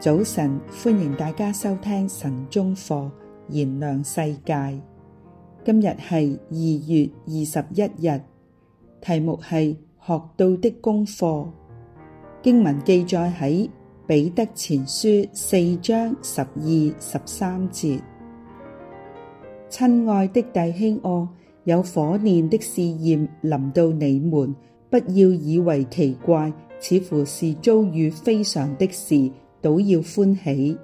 早晨，歡迎大家收聽晨鐘課，燃亮世界。今日係二月二十一日，題目係學到的功課。經文記載喺彼得前書四章十二、十三節。親愛的弟兄、啊，哦，有火煉的試驗臨到你們，不要以為奇怪，似乎是遭遇非常的事。倒要歡喜，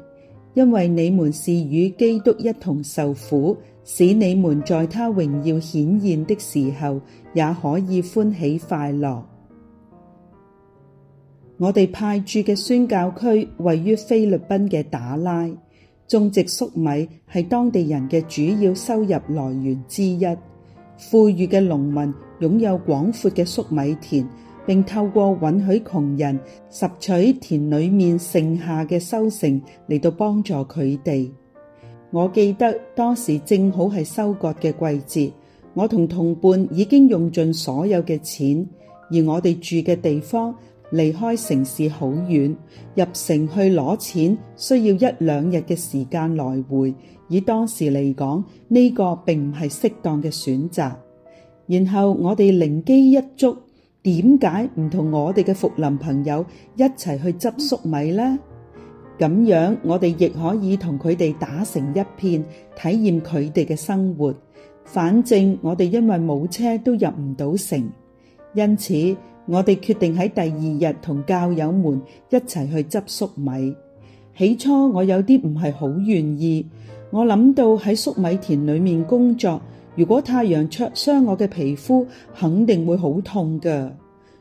因為你們是與基督一同受苦，使你們在他榮耀顯現的時候，也可以歡喜快樂。我哋派駐嘅宣教區位於菲律賓嘅打拉，種植粟米係當地人嘅主要收入來源之一。富裕嘅農民擁有廣闊嘅粟米田。並透過允許窮人拾取田裏面剩下嘅收成嚟到幫助佢哋。我記得當時正好係收割嘅季節，我同同伴已經用盡所有嘅錢，而我哋住嘅地方離開城市好遠，入城去攞錢需要一兩日嘅時間來回。以當時嚟講，呢、這個並唔係適當嘅選擇。然後我哋靈機一觸。點解唔同我哋嘅福林朋友一齊去執粟米呢？咁樣我哋亦可以同佢哋打成一片，體驗佢哋嘅生活。反正我哋因為冇車都入唔到城，因此我哋決定喺第二日同教友們一齊去執粟米。起初我有啲唔係好願意，我諗到喺粟米田裏面工作。如果太陽灼傷我嘅皮膚，肯定會好痛㗎。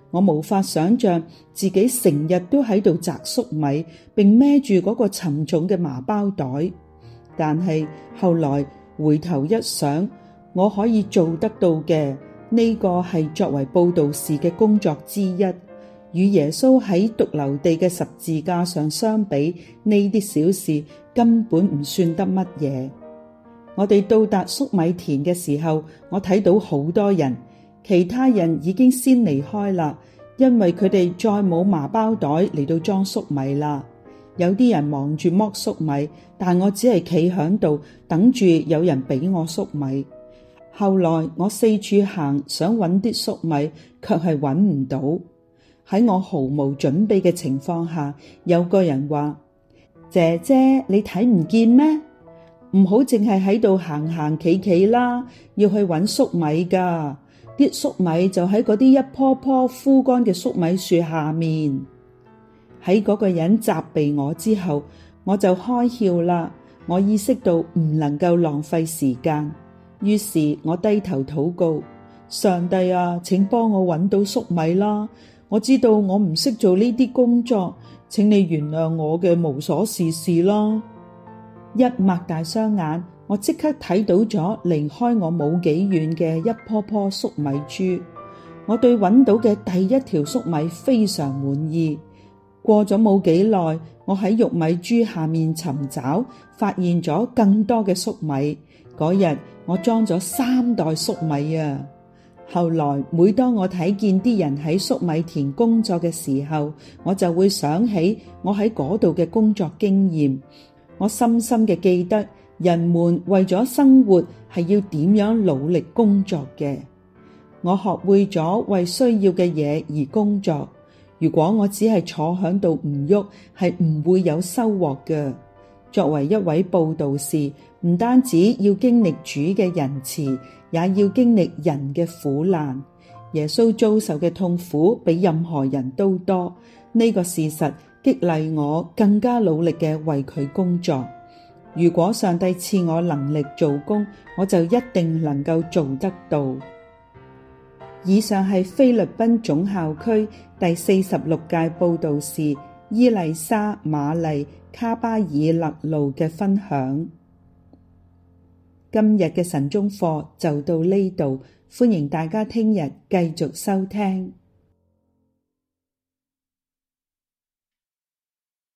我無法想像自己成日都喺度摘粟米，並孭住嗰個沉重嘅麻包袋。但係後來回頭一想，我可以做得到嘅，呢個係作為佈道士嘅工作之一。與耶穌喺髑髏地嘅十字架上相比，呢啲小事根本唔算得乜嘢。我哋到達粟米田嘅時候，我睇到好多人，其他人已經先離開啦，因為佢哋再冇麻包袋嚟到裝粟米啦。有啲人忙住剝粟米，但我只係企喺度等住有人俾我粟米。後來我四處行，想揾啲粟米，卻係揾唔到。喺我毫無準備嘅情況下，有個人話：姐姐，你睇唔見咩？唔好淨係喺度行行企企啦，要去揾粟米噶。啲粟米就喺嗰啲一棵棵枯乾嘅粟米樹下面。喺嗰個人責備我之後，我就開竅啦。我意識到唔能夠浪費時間，於是我低頭禱告：上帝啊，請幫我揾到粟米啦！我知道我唔識做呢啲工作，請你原諒我嘅無所事事啦。一擘大雙眼，我即刻睇到咗離開我冇幾遠嘅一棵棵粟米株。我對揾到嘅第一條粟米非常滿意。過咗冇幾耐，我喺玉米株下面尋找，發現咗更多嘅粟米。嗰日我裝咗三袋粟米啊！後來每當我睇見啲人喺粟米田工作嘅時候，我就會想起我喺嗰度嘅工作經驗。我深深嘅記得，人們為咗生活係要點樣努力工作嘅。我學會咗為需要嘅嘢而工作。如果我只係坐響度唔喐，係唔會有收穫嘅。作為一位佈道士，唔單止要經歷主嘅仁慈，也要經歷人嘅苦難。耶穌遭受嘅痛苦比任何人都多。呢個事實，激勵我更加努力嘅為佢工作。如果上帝賜我能力做工，我就一定能夠做得到。以上係菲律賓總校區第四十六屆佈道士，伊麗莎瑪麗卡巴爾納路嘅分享。今日嘅晨鐘課就到呢度，歡迎大家聽日繼續收聽。